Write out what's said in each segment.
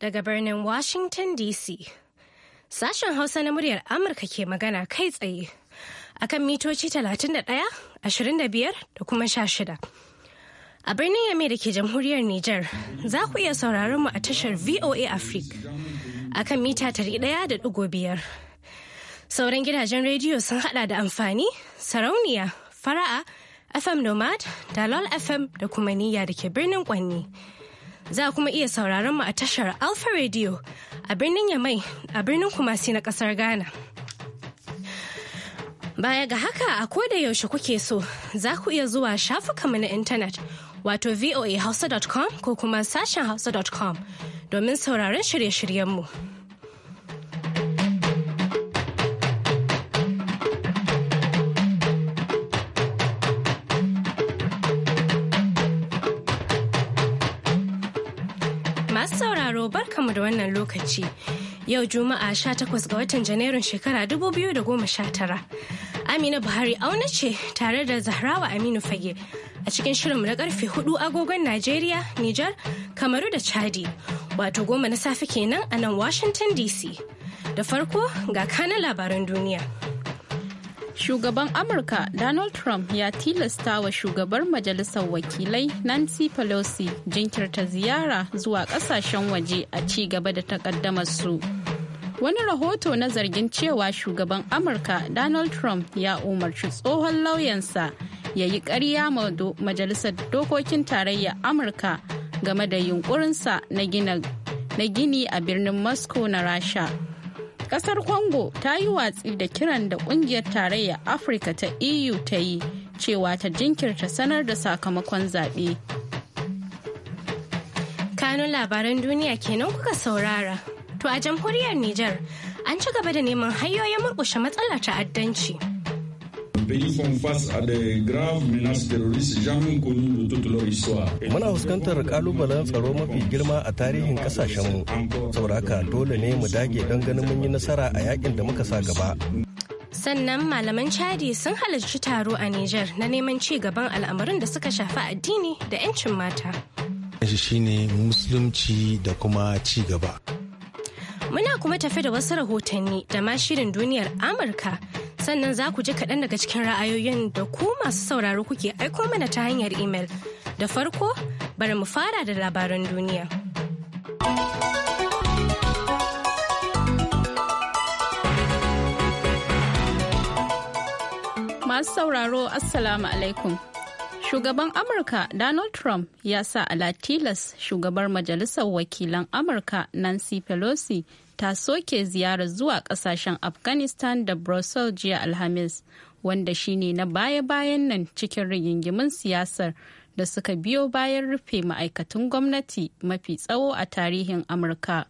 daga birnin Washington DC. Sashen Hausa na muryar Amurka ke magana kai tsaye A kan mitoci 31, 25 da kuma 16. A birnin Yame da ke jamhuriyar Nijar za ku iya sauraron mu a tashar VOA Africa A kan mita 100.5. Sauran gidajen rediyo sun hada da amfani, sarauniya, fara'a, FM Nomad, Dalol FM da kuma niyya da ke birnin Kwanni. Za kuma iya sauraron mu a tashar Alpha Radio a birnin Yamai a birnin Kumasi na kasar Ghana. Baya ga haka a da yaushe kuke so za ku iya zuwa shafukanmu na intanet wato voahausa.com ko kuma sashen hausa.com domin sauraron shirye-shiryenmu. mu. Masu sauraro barkamu da wannan lokaci. Yau Juma'a 18 ga watan Janairun shekara 2019. Amina Buhari auna ce tare da Zahrawa Aminu Fage a cikin shirinmu na karfe 4 agogon Najeriya, Nijar, Kamaru da Chadi. Wato goma na safe kenan a nan Washington DC. Da farko ga kanan labaran duniya. Shugaban Amurka Donald Trump ya tilasta wa shugabar Majalisar Wakilai Nancy Pelosi jinkirta ziyara zuwa kasashen waje a ci gaba da takaddamar su. Wani rahoto na zargin cewa shugaban Amurka Donald Trump ya umarci tsohon lauyansa ya yi ƙarya ma Majalisar Dokokin Tarayyar Amurka game da yunkurinsa na gini a birnin Moscow na Rasha. Kasar Congo ta yi watsi da kiran da kungiyar tarayya Afirka ta EU ta yi cewa ta jinkirta sanar da sakamakon zaɓe. Kanun labaran duniya kenan kuka saurara. To a jamhuriyar Nijar, an ci gaba da neman hanyoyin murƙushe matsalar ta'addanci. pays font face à des graves menaces terroristes jamais connues de toute leur histoire. Muna fuskantar kalubalen tsaro mafi girma a tarihin kasashenmu. Sauraka dole ne mu dage don ganin mun yi nasara a yakin da muka sa gaba. sannan malaman chadi sun halarci taro a Nijar na neman ci gaban al'amarin da suka shafi addini da 'yancin mata shi shine musulunci da kuma ci gaba muna kuma tafi da wasu rahotanni da ma shirin duniyar amurka sannan za ku ji kaɗan daga cikin ra'ayoyin da ku masu sauraro kuke aiko mana ta hanyar imel. Da farko, bari mu fara da labaran duniya. Masu sauraro, Assalamu alaikum. Shugaban Amurka Donald Trump ya sa ala tilas shugabar Majalisar Wakilan Amurka Nancy Pelosi ta soke ziyarar zuwa kasashen Afghanistan da Brussels jiya Alhamis, wanda shine na baya-bayan nan cikin rigingimin siyasar da suka biyo bayan rufe ma'aikatan gwamnati mafi tsawo a tarihin Amurka.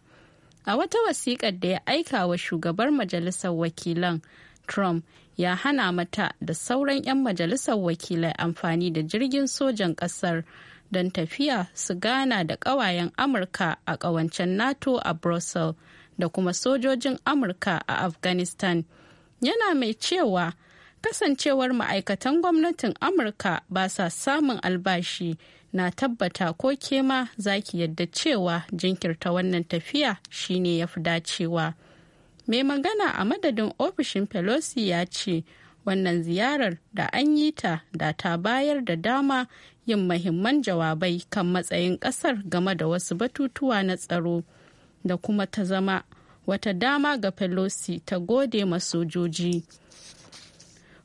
A wata wasiƙar da ya aika wa shugabar Majalisar Wakilan, Trump ya hana mata da sauran 'yan majalisar wakilai amfani da jirgin sojan ƙasar don tafiya su gana da ƙawayen amurka a ƙawancen nato a brussels da kuma sojojin amurka a afghanistan yana mai cewa kasancewar ma'aikatan gwamnatin amurka ba sa samun albashi na tabbata ko kema zaki yadda cewa jinkirta wannan tafiya shine ya fi dacewa. mai magana a madadin ofishin pelosi ya ce wannan ziyarar da an yi ta da ta bayar da dama yin mahimman jawabai kan matsayin kasar game da wasu batutuwa na tsaro da kuma ta zama wata dama ga pelosi ta gode masojoji sojoji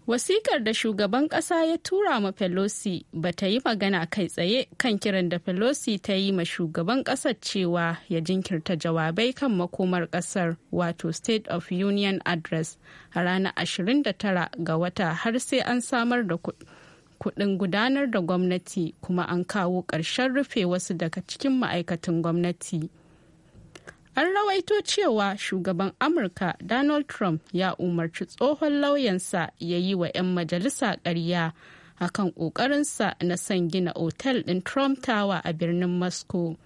Wasikar da shugaban ƙasa ya tura ma Pelosi ba ta yi magana kai tsaye kan kiran da Pelosi ta yi ma shugaban ƙasar cewa ya jinkirta jawabai kan makomar ƙasar wato State of Union Address a ranar 29 ga wata har sai an samar da kuɗin gudanar da gwamnati kuma an kawo ƙarshen rufe wasu daga cikin ma'aikatan gwamnati. An rawaito cewa shugaban Amurka Donald Trump ya umarci tsohon lauyansa ya yi wa 'yan majalisa ƙarya kan ƙoƙarinsa na san gina otel ɗin Trump Tower a birnin Moscow.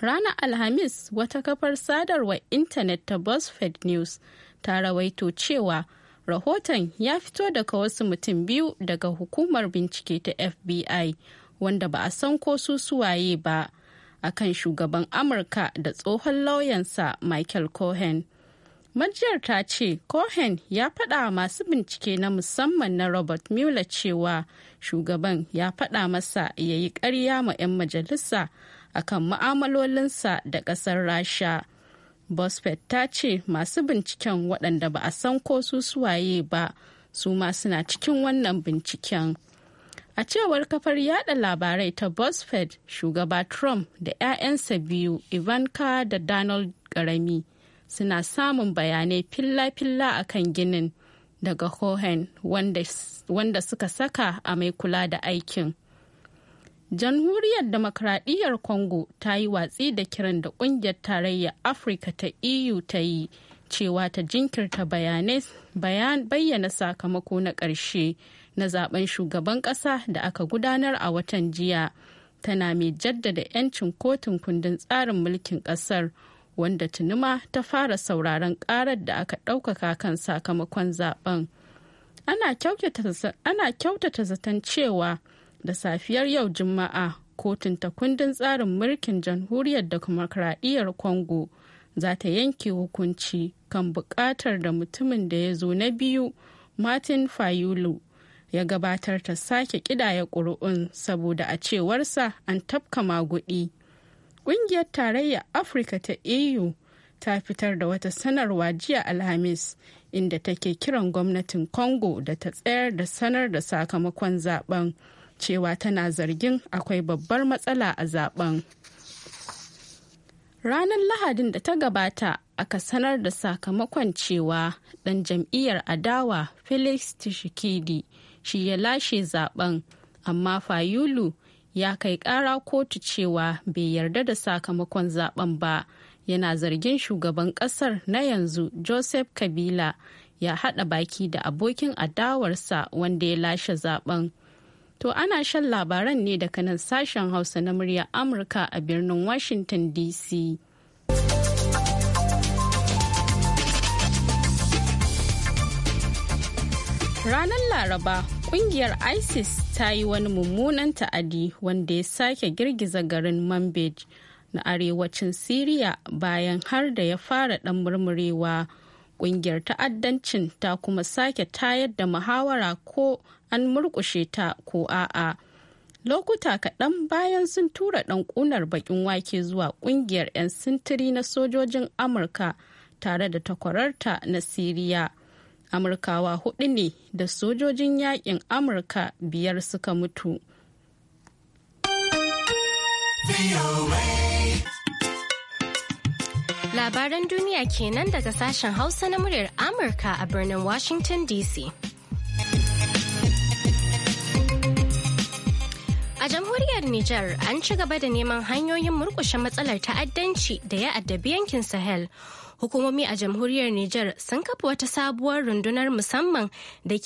Ranar Alhamis wata kafar sadarwar intanet ta BuzzFeed News ta rawaito cewa rahoton ya fito daga wasu mutum biyu daga hukumar bincike ta FBI wanda ba a san ko su suwaye ba. akan shugaban amurka da tsohon lauyansa michael cohen majiyar ta ce cohen ya faɗa masu bincike na musamman na robert mueller cewa shugaban ya faɗa masa ya yi ƙarya ma 'yan majalisa akan ma'amalolinsa da ƙasar rasha bosfet ta ce masu binciken waɗanda ba a san ko su suwaye ba su ma suna cikin wannan binciken. A cewar kafar yada labarai ta BuzzFeed, shugaba Trump da 'ya'yansa biyu Ivanka da Donald Garami suna samun bayanai filla-filla a kan ginin daga Cohen wanda, wanda suka saka a mai kula da aikin. Jamhuriyar Demokradiyyar Congo ta yi watsi da kiran da kungiyar tarayyar Afirka ta EU ta yi cewa ta jinkirta bayyana sakamako na ƙarshe na zaben shugaban ƙasa da aka gudanar a watan jiya tana mai jaddada 'yancin kotun kundin tsarin mulkin ƙasar wanda tunuma ta fara sauraron ƙarar da aka ɗaukaka kan sakamakon zaben ana kyautata zaton cewa da safiyar yau juma'a kotun ta kundin tsarin mulkin jamhuriyar da kongo congo za ta yanke hukunci kan buƙatar da mutumin da ya zo na biyu martin fayulu ya gabatar ta sake kidaya ƙuri'un saboda a cewarsa an tafka maguɗi. Ƙungiyar Tarayya Afirka ta EU ta fitar da wata sanarwa jiya Alhamis inda take kiran gwamnatin Congo da ta tsayar da sanar da sakamakon zaben cewa tana zargin akwai babbar matsala a zaben. ranar lahadin da ta gabata aka sanar da sakamakon cewa ɗan jam'iyyar adawa felix tshisekedi shi ya lashe zaben amma fayulu ya kai ƙara kotu cewa bai yarda da sakamakon zaben ba yana zargin shugaban ƙasar na yanzu joseph kabila ya haɗa baki da abokin adawarsa wanda ya lashe zaben. To ana shan labaran ne daga nan sashen Hausa na murya Amurka a birnin Washington DC. Ranar Laraba, ƙungiyar ISIS ta yi wani mummunan ta'adi wanda ya sake girgiza garin Manbij na arewacin Siriya bayan har da ya fara ɗan murmurewa. Ƙungiyar ta'addancin ta kuma sake tayar da muhawara ko an murƙushe ta ko a'a. Lokuta kaɗan bayan sun tura ɗan ƙunar baƙin wake zuwa ƙungiyar 'yan sintiri na sojojin Amurka tare da takwararta na Siriya. Amurkawa hudu ne da sojojin yaƙin Amurka biyar suka mutu. Labaran duniya kenan daga sashen Hausa na muryar Amurka a birnin Washington DC. A jamhuriyar Nijar an ci gaba da neman hanyoyin murkushe matsalar ta'addanci da ya addabi yankin Sahel. Hukumomi a jamhuriyar Nijar sun kafa wata sabuwar rundunar musamman da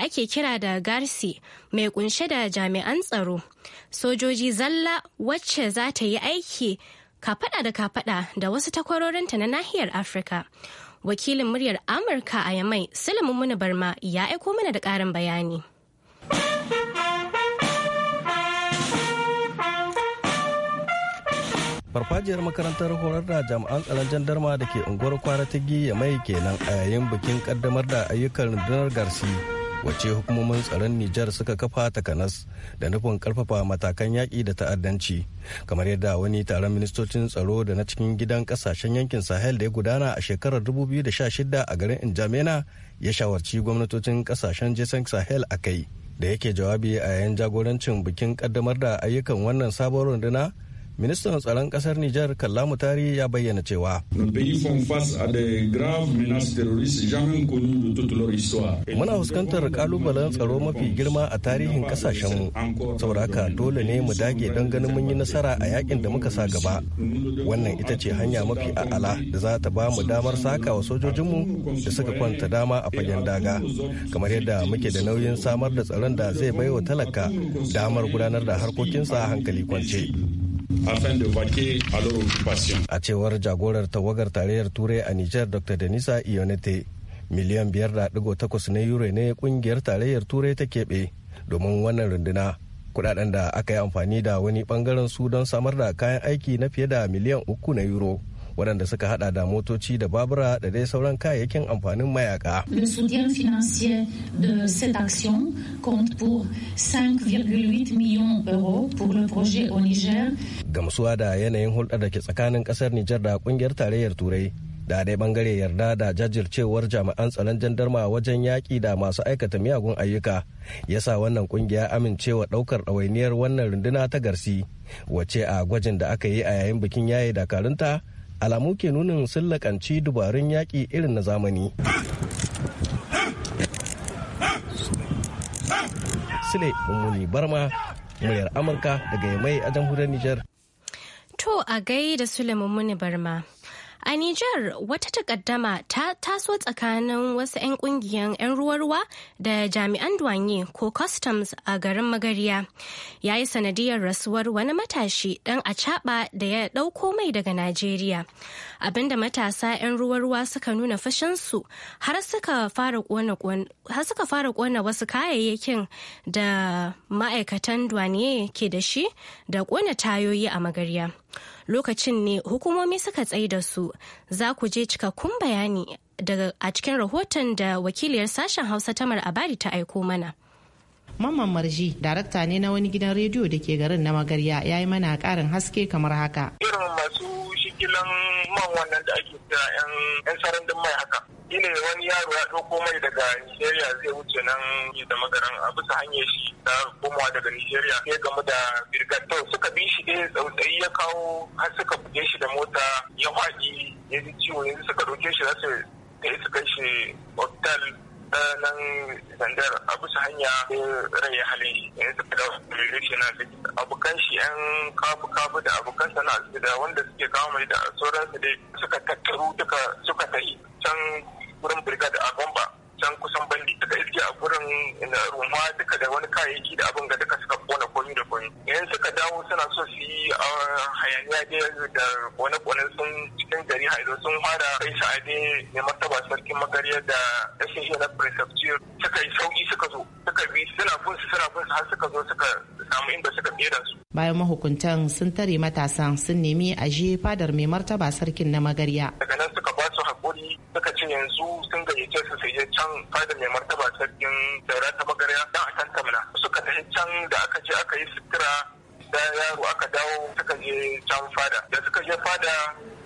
ake kira da Garsi mai kunshe da jami'an tsaro. Sojoji zalla wacce za ta yi aiki kafada da kafada da wasu takwarorinta na nahiyar Afirka. Wakilin muryar Amurka a Yamai, Salimu Muna Barma ya aiko mana da ƙarin bayani. farfajiyar makarantar horar da jami'an tsaron jandarma da ke unguwar kwara ta giya mai kenan a yayin bikin kaddamar da ayyukan rundunar garsi wacce hukumomin tsaron Nijar suka kafa takanas da nufin karfafa matakan yaƙi da ta'addanci kamar yadda wani taron ministocin tsaro da na cikin gidan kasashen yankin Sahel da ya gudana a shekarar 2016 a garin Injamena ya shawarci gwamnatocin kasashen Jason e Sahel a kai da yake jawabi a yayin jagorancin bikin ƙaddamar da ayyukan wannan sabon runduna ministan tsaron kasar Nijar Kallamu Tari ya bayyana cewa. Muna fuskantar kalubalen tsaro mafi girma a tarihin kasashenmu. sauraka sauraka dole ne mu dage don ganin mun yi nasara a yakin da muka sa gaba. Wannan ita ce hanya mafi a'ala da za ta ba mu damar saka wa sojojinmu da suka kwanta dama a fagen daga. Kamar yadda muke da nauyin samar da tsaron da zai baiwa talaka damar gudanar da harkokinsa a hankali kwance. afin A cewar jagorar tawagar tarayyar Turai a Nijar Dr. Denisa Ionete, miliyan 5.8 na euro ne kungiyar tarayyar Turai ta keɓe domin wannan runduna. Kudaden da aka yi amfani da wani bangaren su don samar da kayan aiki na fiye da miliyan uku na euro. waɗanda suka hada da motoci da babura da dai sauran kayayyakin amfanin mayaka. Le soutien financier de cette action compte 5,8 millions d'euros pour le projet au Niger. Gamsuwa da yanayin hulɗar da ke tsakanin ƙasar Nijar da ƙungiyar tarayyar Turai da dai bangare yarda da jajircewar jami'an tsaron jandarma wajen yaƙi da masu aikata miyagun ayyuka ya sa wannan kungiya amincewa ɗaukar ɗawainiyar wannan runduna ta garsi wace a gwajin da aka yi a yayin bikin yaye dakarunta alamu ke nunin sun dabarun dubarun yaƙi irin na zamani sule mummuni barma muryar amurka daga yamai a jamhuriyar nijar to a gaida da sule mummuni barma A Nijar wata takaddama ta taso tsakanin wasu 'yan kungiyar 'yan ruwa-ruwa da jami'an duwanyi ko customs a garin Magariya. Ya yi sanadiyar rasuwar wani matashi ɗan acaɓa da ya ɗauko mai daga Najeriya. abinda matasa 'yan ruwa-ruwa suka nuna fashinsu har suka fara kona wasu kayayyakin da ma'aikatan duwane ke da shi da kona tayoyi a magarya lokacin ne hukumomi suka da su za ku je cikakkun bayani a cikin rahoton da wakiliyar sashen hausa tamar abari ta aiko mana. Mamman Marji, darakta ne na wani gidan rediyo da ke garin na Magarya, ya yi mana ƙarin haske kamar haka. Irin masu shigilan man wannan da ake kira 'yan sarandin mai haka. ine wani yaro ya ɗauko mai daga Nigeria zai wuce nan da magaran a bisa hanyar shi ta komawa daga Nigeria sai gamu da To suka bi shi dai tsautsayi ya kawo har suka buge shi da mota ya faɗi ya ji ciwo yanzu suka ɗauke shi za su kai su kai shi hotel nan zandar a bisa hanya rai ya hali ya suka da rikici na abokan shi yan kafu kafu da abokan sana da wanda suke kawo mai da sauransu dai suka tattaru duka suka yi can wurin brigade a bomba can kusan bandi suka iske a gurin ruwa duka da wani kayayyaki da abin ga duka suka komi da komi in suka dawo suna so su yi ah, hayaniya da wani kone sun cikin gari haido sun fara kai a ne martaba sarkin magariya da sashe na prefecture suka yi sauki suka zo suka bi suna bin su suna bin su har suka zo suka samu inda suka da su bayan mahukuntan sun tare matasan sun nemi je fadar mai martaba sarkin na magariya daga nan wuri suka ce yanzu sun gayyace su sai can fada mai martaba sarkin daura ta magarya dan a tantamna suka tafi can da aka je aka yi sutura da yaro aka dawo suka je can fada da suka je fada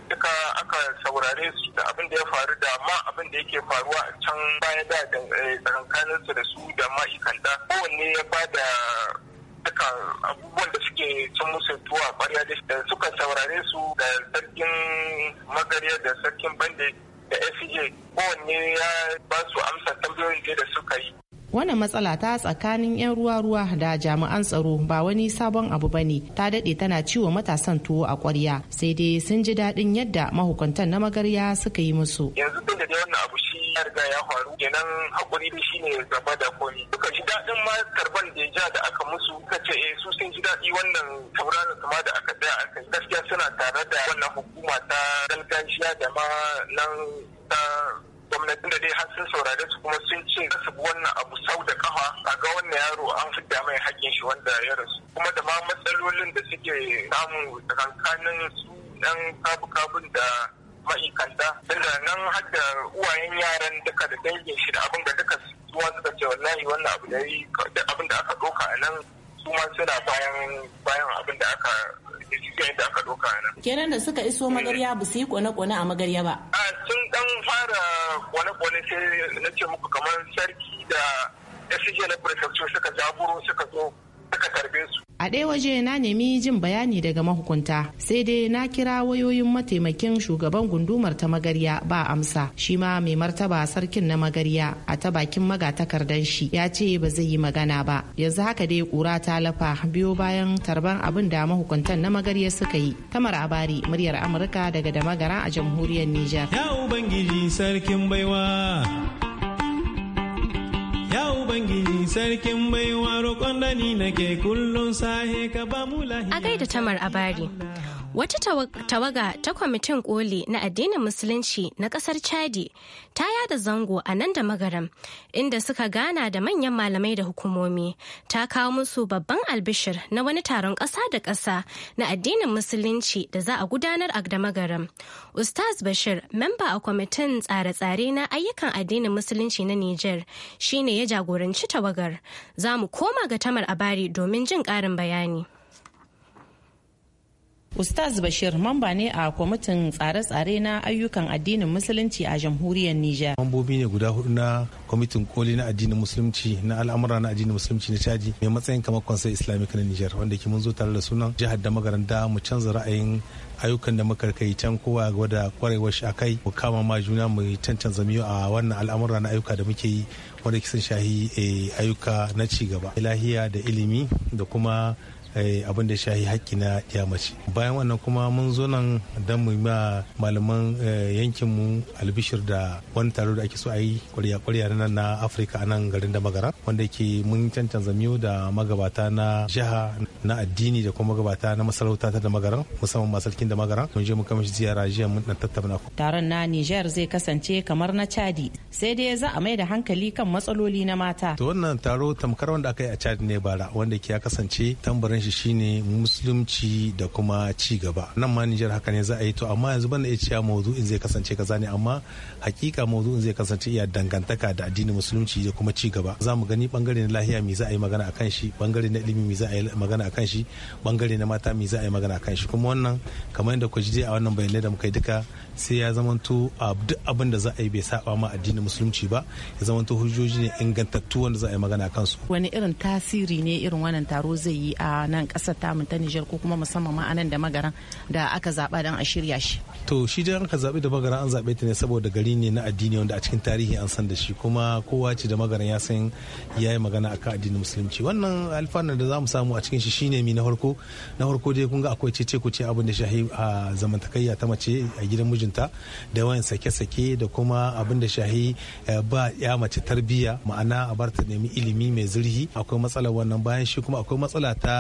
duka aka saurare su da abin da ya faru da ma abin da yake faruwa a can baya da eh, tsakankanin su da su da ma'aikanta kowanne ya bada duka abubuwan da suke cin musu tuwa kwarya da suka saurare su da sarkin magarya da sarkin bande da eh, FCA kowanne ya ba su amsa tambayoyi da suka yi. Wannan matsala ta tsakanin 'yan ruwa-ruwa da jami'an tsaro ba wani sabon abu ba ne ta daɗe tana ciwo matasan tuwo a ƙwarya sai dai sun ji daɗin yadda mahukuntan na magarya suka yi musu. Yanzu da wannan abu ya riga ya faru kenan hakuri da shi ne gaba da komi Duka ji daɗin ma karban da ja da aka musu ka ce eh su sun ji daɗi wannan tauraron kuma da aka da aka gaskiya suna tare da wannan hukuma ta gargajiya da ma nan ta gwamnatin da dai har sun saurare su kuma sun ce su bi wannan abu sau da kafa a ga wannan yaro an fi da mai hakkin shi wanda ya rasu kuma da ma matsalolin da suke samu tsakankanin su ɗan kafu-kafun da ma'aikanta daga nan har da uwayen yaran duka da dangin shi da abin da duka suwa suka ce wallahi wannan abu da yi abin da aka doka a nan su ma suna bayan bayan abin da aka da aka doka a nan. kenan da suka iso magarya ba su yi kone-kone a magarya ba. a sun dan fara kone-kone sai na ce muku kamar sarki da fcg na prefecture suka zaburo suka zo suka tarbe su a ɗaya waje na nemi jin bayani daga mahukunta sai dai na kira wayoyin mataimakin shugaban gundumar ta magarya ba amsa shi ma mai martaba sarkin na magarya a ta bakin magatakardan shi ya ce ba zai yi magana ba yanzu haka dai kura ta lafa biyo bayan tarban abin da mahukuntan na magarya suka yi tamar abari muryar amurka daga damagara a jamhuriyar niger ya ubangiji sarkin baiwa Ya Ubangiji sarkin baiwa roƙon da ni nake kullum sahe ka ba mu lahiya. A gaida tamar a bari. Wata tawaga ta kwamitin koli na addinin musulunci na kasar Chadi ta yada zango a nan da magaram inda suka gana da manyan malamai da hukumomi ta kawo musu babban albishir na wani taron ƙasa da ƙasa na addinin musulunci da za a gudanar a da magaram. Ustaz Bashir, memba a kwamitin tsare-tsare na ayyukan addinin musulunci na Nijar, shine ya jagoranci tawagar. Za mu koma ga tamar abari domin jin ƙarin bayani. Ustaz Bashir mamba ne a kwamitin tsare-tsare na ayyukan addinin musulunci a jamhuriyar Nijar. Mambobi ne guda hudu na kwamitin koli na addinin musulunci na al'amura na addinin musulunci na caji mai matsayin kamar kwansai islamic na Nijar wanda ke mun zo tare da sunan jihar da magaranta mu canza ra'ayin ayyukan da muka kai can kowa gwada kwarewar shi akai mu kama ma juna mu tantance miyo a wannan al'amura na ayyuka da muke yi wanda kisan shahi eh, ayyuka na ci gaba lahiya da ilimi da kuma Eh, abin da shahi hakki na ya mace bayan wannan kuma mun zo nan don mu ma malaman eh, yankin mu albishir da wani taro da ake so a yi kwarya kwarya nan na afirka a nan garin da magara wanda ke mun cancanza miyo da magabata na jiha na addini da kuma magabata na masarauta ta da magaran musamman masarkin da magaran mun je mu kama ziyara jiya mun dan tattauna taron na Niger zai kasance kamar na Chadi sai dai za a mai da hankali kan matsaloli na mata to wannan taro tamkar wanda aka yi a Chadi ne bara wanda ke ya kasance tambarin shi shine musulunci da kuma ci gaba nan ma Nijar haka ne za a yi to amma yanzu bana iya cewa mawdu'in zai kasance kaza ne amma hakika mawdu'in zai kasance iya dangantaka da addinin musulunci da kuma ci gaba za mu gani bangare na lahiya me za a yi magana akan shi bangare na ilimi me za a yi magana akan shi bangare na mata me za a yi magana akan shi kuma wannan kamar yadda ku ji a wannan bayanai da muka yi duka sai ya zamanto duk abin da za a yi bai saba ma addinin musulunci ba ya zamanto hujjoji ne ingantattu wanda za a yi magana akan su wani irin tasiri ne irin wannan taro zai yi a nan kasar tamu ta Nijar ko kuma musamman ma anan da magaran da aka zaba dan a shirya shi to shi dai aka zabi da magaran an zabe ta ne saboda gari ne na addini wanda a cikin tarihi an san da shi kuma kowa ce da magaran ya san yayi magana akan addinin musulunci wannan alfanu da za mu samu a cikin shi shine mi na farko na farko dai kun ga akwai cece ku ce abin da shahi a zamantakayya ta mace a gidan mijinta da wayan sake-sake da kuma abin da shahi eh, ba ya mace tarbiyya ma'ana a bar ta nemi ilimi mai zurhi akwai matsalar wannan bayan shi kuma akwai matsala ta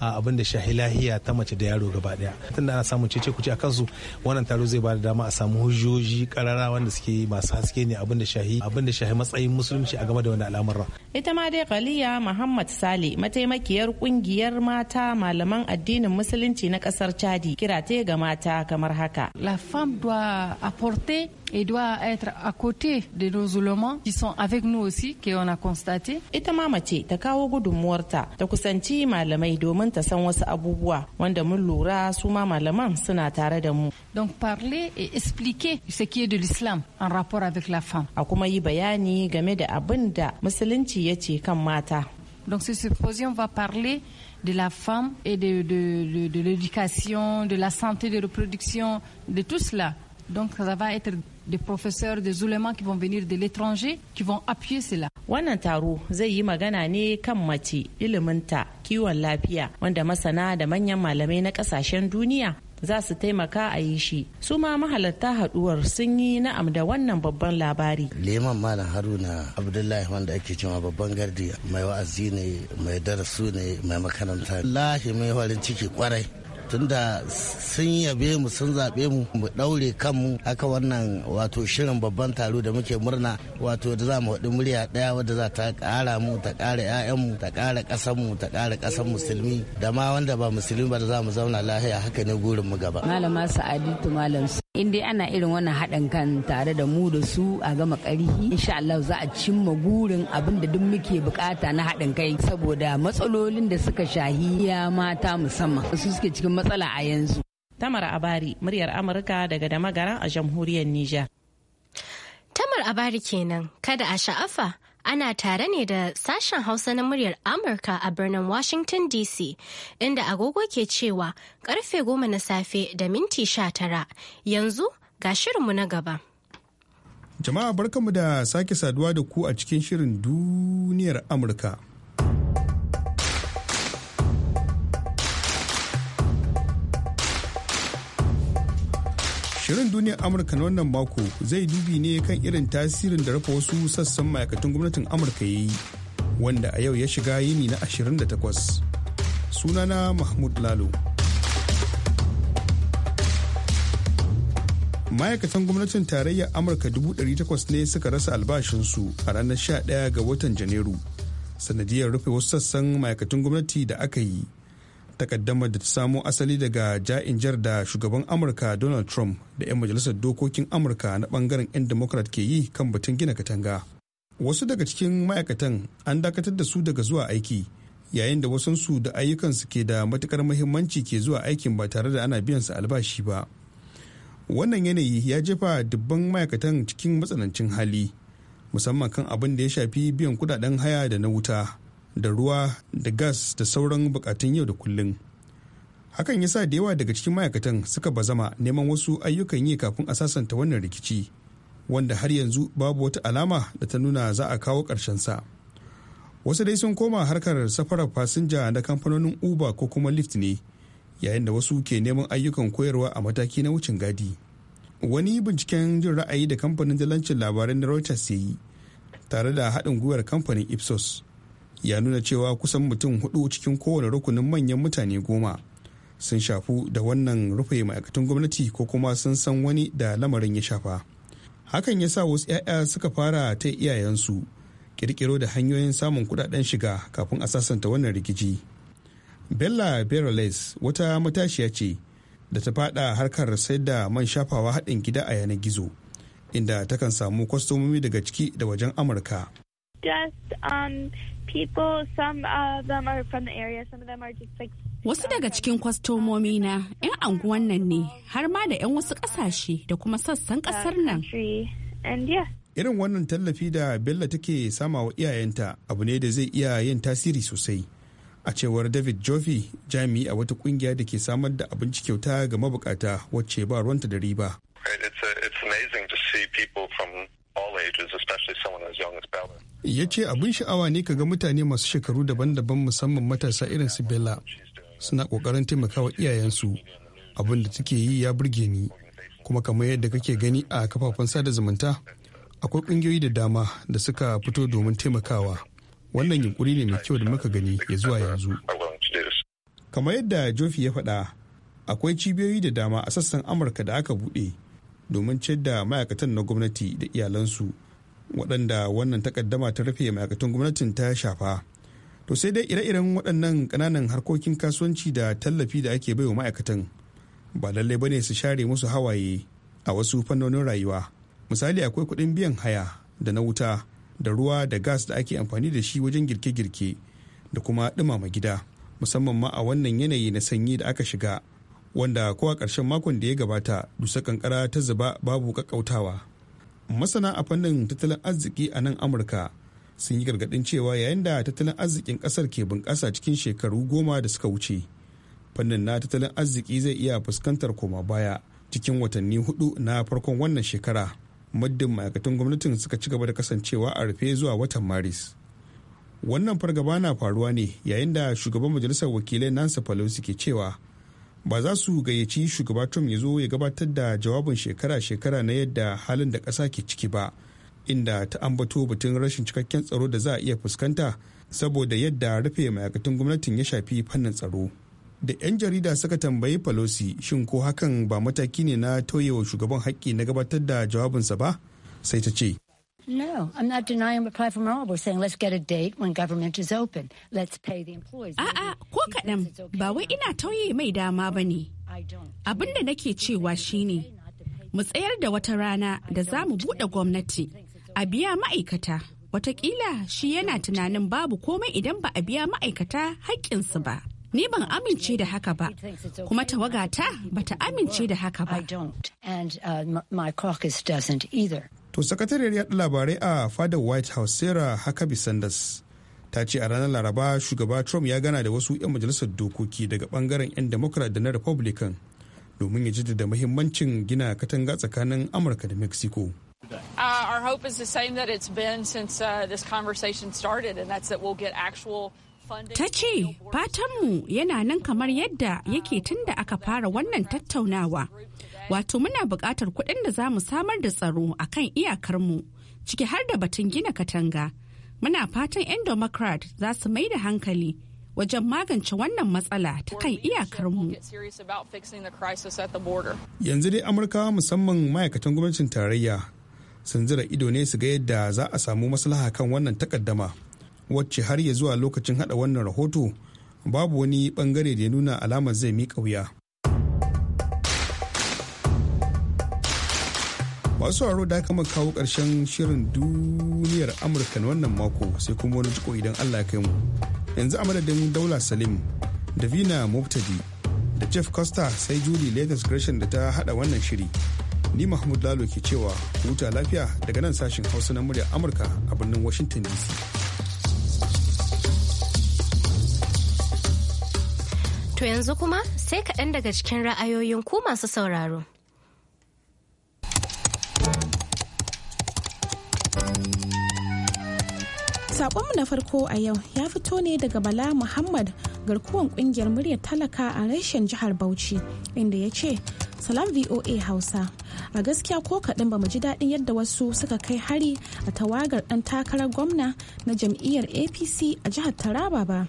A abin da shahi lahiya ta mace da yaro gaba daya da ana samun cece kuce a kansu wannan taro zai ba da dama a samu hujjoji karara wanda suke masu haske ne abin da shahi abin da shahi matsayin musulunci a game da wannan al'amuran ita ma dai Khaliya Muhammad Sale mataimakiyar kungiyar mata malaman addinin musulunci na kasar Chadi kira ta ga mata kamar haka la femme doit apporter et doit être à côté de nos oulémas qui sont avec nous aussi, qu'on a constaté. Et ma mace ta kawo gudunmuwarta ta kusanci malamai domin ta san wasu abubuwa wanda mun lura su ma malaman suna tare da mu. Donc parler et expliquer ce qui est de l'islam en rapport avec la femme. A kuma yi bayani game da abin da musulunci ya ce kan mata. Donc ce symposium on va parler de la femme et de, de, de, de l'éducation, de la santé de reproduction, de tout cela. Donc ça va être des professeurs, des oulémas qui vont venir de l'étranger, qui vont appuyer cela. Wannan taro zai yi magana ne kan mace, iliminta, kiwon lafiya, wanda masana da manyan malamai na kasashen duniya za su taimaka a yi shi. Su ma mahalarta haduwar sun yi na'am da wannan babban labari. Liman Malam Haruna Abdullahi wanda ake cewa babban gardi mai wa'azi ne, mai darasu ne, mai makaranta. Lahi mai farin ciki kwarai. tunda sun yabe mu sun zaɓe mu mu ɗaure kanmu haka wannan wato shirin babban taro da muke murna wato da za mu haɗu murya ɗaya wadda za ta ƙara mu ta ƙara mu ta ƙara mu ta ƙara ƙasar musulmi da ma wanda ba musulmi ba da za mu zauna lahiya haka ne gurin mu gaba. Malama Sa'adatu Malam in dai ana irin wannan haɗin kan tare da mu da su a gama ƙarihi. insha Allah za a cimma gurin abin da duk muke bukata na haɗin kai saboda matsalolin da suka shahi ya mata musamman su suke cikin matsala a yanzu Tamar Abari muryar Amurka daga Damagara a jamhuriyar Nijar Tamar Abari kenan kada a sha'afa Ana tare ne da sashen Hausa na muryar Amurka a birnin Washington DC, inda agogo ke cewa karfe goma na safe da minti sha tara. Yanzu ga shirinmu na gaba. Jama'a barkanmu da sake saduwa da ku a cikin shirin duniyar Amurka. Shirin duniyar Amurka na wannan mako zai dubi ne kan irin tasirin da rufe wasu sassan ma'aikatan gwamnatin Amurka ya yi, wanda a yau ya shiga yini na 28. Sunana Mahmud Lalo. Ma'aikatan gwamnatin tarayyar Amurka 800 ne suka rasa albashinsu a ranar 11 ga watan Janairu, sanadiyar rufe wasu sassan ma'aikatan gwamnati da aka yi. takaddamar da ta samo asali daga ja'in jar da shugaban amurka donald trump da 'yan majalisar dokokin amurka na bangaren 'yan democrat ke yi kan batun gina katanga wasu daga cikin ma'aikatan an dakatar da su daga zuwa aiki yayin da wasansu da ayyukansu ke da matukar muhimmanci ke zuwa aikin ba tare da ana biyan su albashi ba wannan yanayi ya jefa dubban ma'aikatan cikin matsanancin hali musamman kan abin da ya shafi biyan kudaden haya da na wuta da ruwa da gas da sauran bukatun yau da kullum hakan ya sa da yawa daga cikin ma'aikatan suka ba zama neman wasu ayyukan yi kafin a sasanta wannan rikici wanda har yanzu babu wata alama da ta nuna za a kawo ƙarshen sa wasu dai sun koma harkar safarar fasinja na kamfanonin uber ko kuma lift ne yayin da wasu ke neman ayyukan koyarwa a mataki na wucin gadi wani binciken jin ra'ayi da kamfanin jalancin labarai na reuters ya yi tare da haɗin gwiwar kamfanin ipsos ya nuna cewa kusan mutum hudu cikin kowane rukunin manyan mutane goma sun shafu da wannan rufe ma'aikatan gwamnati ko kuma sun san wani da lamarin ya shafa hakan ya sa wasu 'ya'ya suka fara ta iyayensu kirkiro da hanyoyin samun kudaden shiga kafin a sasanta wannan rikici bella berales wata matashiya ce da ta fada harkar sayar da man shafawa haɗin gida a yanar gizo inda takan samu kwastomomi daga ciki da wajen amurka um, people, Wasu daga cikin kwastomomi na 'yan anguwan nan ne har ma da 'yan wasu ƙasashe da kuma sassan ƙasar nan. Irin wannan tallafi da Bella take sama wa iyayenta abu ne da zai iya yin tasiri sosai. A cewar David Jovi jami'i a wata kungiya da ke samar da abinci kyauta ga mabukata wacce ba ruwanta da riba. ya ce abin sha'awa ne ka ga mutane masu shekaru daban-daban musamman matasa irin su bella suna kokarin taimakawa iyayensu abin da suke yi ya burge ni kuma kamar yadda kake gani a kafafen sada zumunta akwai kungiyoyi da dama da suka fito domin taimakawa wannan yunkuri ne mai kyau da muka gani ya zuwa yanzu kamar yadda jofi ya faɗa akwai cibiyoyi da dama a sassan amurka da aka buɗe domin ciyar da ma'aikatan na gwamnati da iyalansu waɗanda wannan takaddama ta rufe ma'aikatan gwamnatin ta shafa to sai dai ire-iren waɗannan ƙananan harkokin kasuwanci da tallafi da ake baiwa ma'aikatan ba lallai bane su share musu hawaye a wasu fannonin rayuwa misali akwai kuɗin biyan haya da na wuta da ruwa da gas da ake amfani da shi wajen girke-girke da kuma ɗumama gida musamman ma a wannan yanayi na sanyi da aka shiga wanda ko a ƙarshen makon da ya gabata dusa ƙanƙara ta zuba babu ƙaƙƙautawa masana a fannin tattalin arziki a nan amurka sun yi gargadin cewa yayin da tattalin arzikin kasar ke bunƙasa cikin shekaru goma da suka wuce fannin na tattalin arziki zai iya fuskantar koma baya cikin watanni hudu na farkon wannan shekara muddin ma'aikatan gwamnatin suka ci gaba da kasancewa a rufe zuwa watan maris wannan fargaba na faruwa ne yayin da shugaban majalisar wakilai nancy pelosi ke cewa ba za su gayyaci shugaba trump ya zo ya gabatar da jawabin shekara-shekara na yadda halin da ƙasa ke ciki ba inda ta ambato batun rashin cikakken tsaro da za a iya fuskanta saboda yadda rufe ma'aikatan gwamnatin ya shafi fannin tsaro da 'yan jarida suka tambayi pelosi shin ko hakan ba mataki ne na tauyewa shugaban haƙƙi na gabatar da jawabinsa ba sai ta ce No, I'm not denying We're saying let's get a date when government is open. Let's pay the employees. A'a, ko kaɗan ba wai ina tauye mai dama ba ne. Abin da nake cewa shine mu tsayar da wata rana da za mu buɗe gwamnati a biya ma'aikata. Watakila shi yana tunanin babu komai idan ba a biya ma'aikata haƙƙinsu ba. Ni ban amince da haka ba, kuma tawagata ba ta amince da haka ba. to sakatariyar yaɗa labarai a fadar white house sarah huckabee sanders ta ce a ranar laraba shugaba trump ya gana da wasu 'yan majalisar dokoki daga bangaren 'yan democrat da na republican domin ya jaddada mahimmancin gina katanga tsakanin amurka da mexico uh, uh, ta ce fatanmu yana nan kamar yadda yake tun da aka fara wannan tattaunawa wato muna buƙatar kuɗin da za mu samar da tsaro a kan iyakarmu ciki har da batun gina katanga muna fatan 'yan democrat za su mai da hankali wajen magance wannan matsala ta kan iyakarmu. Yanzu dai amurka musamman ma'aikatan gwamnatin tarayya sun zira ido ne su ga yadda za a samu maslaha kan wannan takaddama wacce har ya zuwa lokacin hada wannan rahoto babu wani bangare da ya nuna alamar zai miƙa wuya. masu sauraro da aka kawo ƙarshen shirin duniyar amurka na wannan mako sai kuma wani jiko idan allah kai mu yanzu a madadin daula salim da vina mubtadi da jeff costa sai julie latest gresham da ta hada wannan shiri ni mahmud lalo ke cewa huta lafiya daga nan sashen hausa na muryar amurka a birnin washington dc to yanzu kuma sai kaɗan daga cikin ra'ayoyin ku masu sauraro Sakonmu na farko a yau ya fito ne daga Bala Muhammad garkuwan kungiyar muryar talaka a reshen jihar Bauchi inda ya ce, Salam VOA Hausa. A gaskiya ko kaɗan ba mu ji daɗin yadda wasu suka kai hari a tawagar ɗan takarar gwamna na jam'iyyar APC a jihar Taraba ba.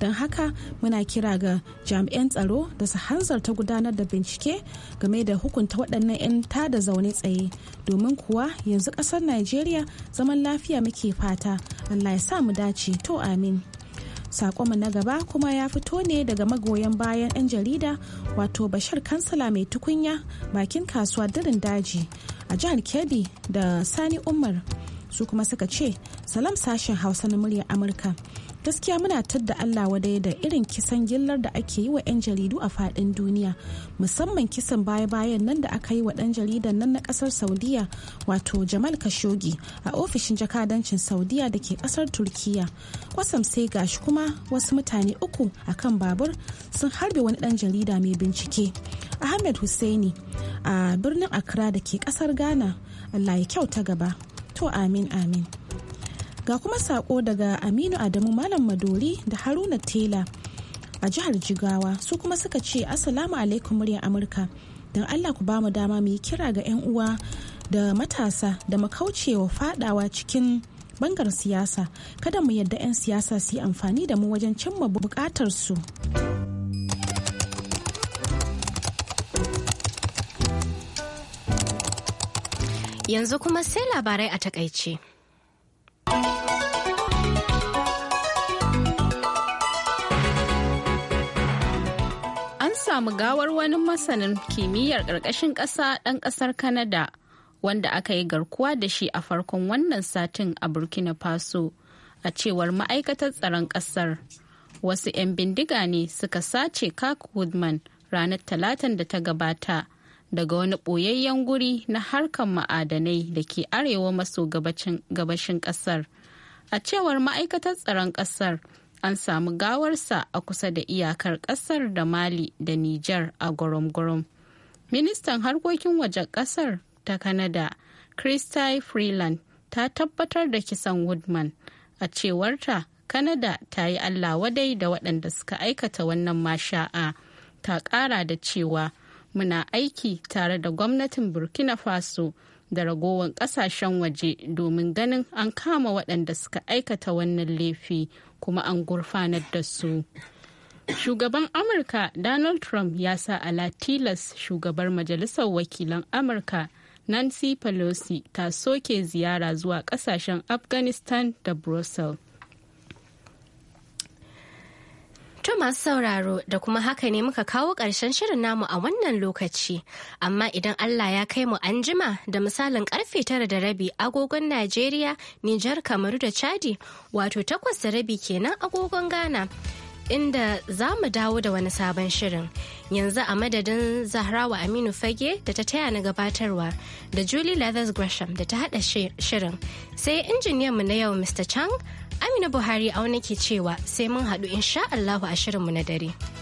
don haka muna kira ga jami'an tsaro da su hanzarta gudanar da bincike game da hukunta waɗannan 'yan tada zaune tsaye domin kuwa yanzu ƙasar najeriya zaman lafiya muke fata allah ya sa mu dace to amin sakonmu na gaba kuma ya fito ne daga magoyan bayan 'yan jarida wato bashar kansala mai tukunya bakin kasuwa darin daji a jihar kebbi da sani umar su kuma suka ce salam sashen hausa na muryar amurka gaskiya muna tadda Allah wadai da irin kisan gillar da ake yi wa 'yan jaridu a fadin duniya musamman kisan baya-bayan nan da aka yi wa dan jaridan nan na kasar saudiya wato jamal kashogi a ofishin jakadancin saudiya da ke kasar turkiya kwasam sai gashi kuma wasu mutane uku a kan babur sun harbe wani dan jarida mai bincike ahmed hussaini a birnin accra da ke kasar ghana allah ya kyauta gaba to amin amin Ga kuma sako daga Aminu Adamu Malam Madori da Haruna Tela a jihar Jigawa su kuma suka ce Assalamu alaikum muryar Amurka. Don Allah ku ba mu dama mu yi kira ga 'yan uwa da matasa da wa fadawa cikin bangar siyasa kada mu yadda 'yan siyasa su yi amfani da mu wajen cimma bukatarsu. Yanzu kuma sai labarai a takaice. samu gawar wani masanin kimiyyar ƙarƙashin ƙasa ɗan ƙasar Canada wanda aka yi garkuwa da shi a farkon wannan satin a Burkina Faso a cewar ma'aikatar tsaron ƙasar. Wasu 'yan bindiga ne suka sace Kirk Woodman ranar talatan da ta gabata daga wani ɓoyayyen guri na harkar ma'adanai da ke arewa maso gabashin ƙasar. A cewar ma'aikatar tsaron ƙasar an samu gawarsa a kusa da iyakar kasar da mali da niger a gurum gurum ministan harkokin wajen kasar ta kanada christy freeland ta tabbatar da kisan woodman a cewarta kanada ta yi allah wadai da waɗanda suka aikata wannan masha'a ta ƙara da cewa muna aiki tare da gwamnatin burkina faso da ragowar kasashen waje domin ganin an kama waɗanda suka aikata wannan laifi kuma an gurfanar da su shugaban amurka donald trump ya sa ala tilas shugabar majalisar wakilan amurka nancy pelosi ta soke ziyara zuwa kasashen afghanistan da brussels To masu sauraro da kuma haka ne muka kawo ƙarshen shirin namu a wannan lokaci. Amma idan Allah ya kai mu an da misalin karfe tara da rabi agogon Najeriya, Nijar, Kamaru da Chadi, wato takwas da rabi kenan agogon Ghana. Inda za mu dawo da wani sabon shirin. Yanzu a madadin Zahrawa Aminu Fage da ta taya na gabatarwa da Julie Leathers Gresham da ta haɗa shirin. Sai injiniyanmu na yau Mr. Chang Amina Buhari a wani ke cewa sai mun haɗu insha Allahu a shirinmu na dare.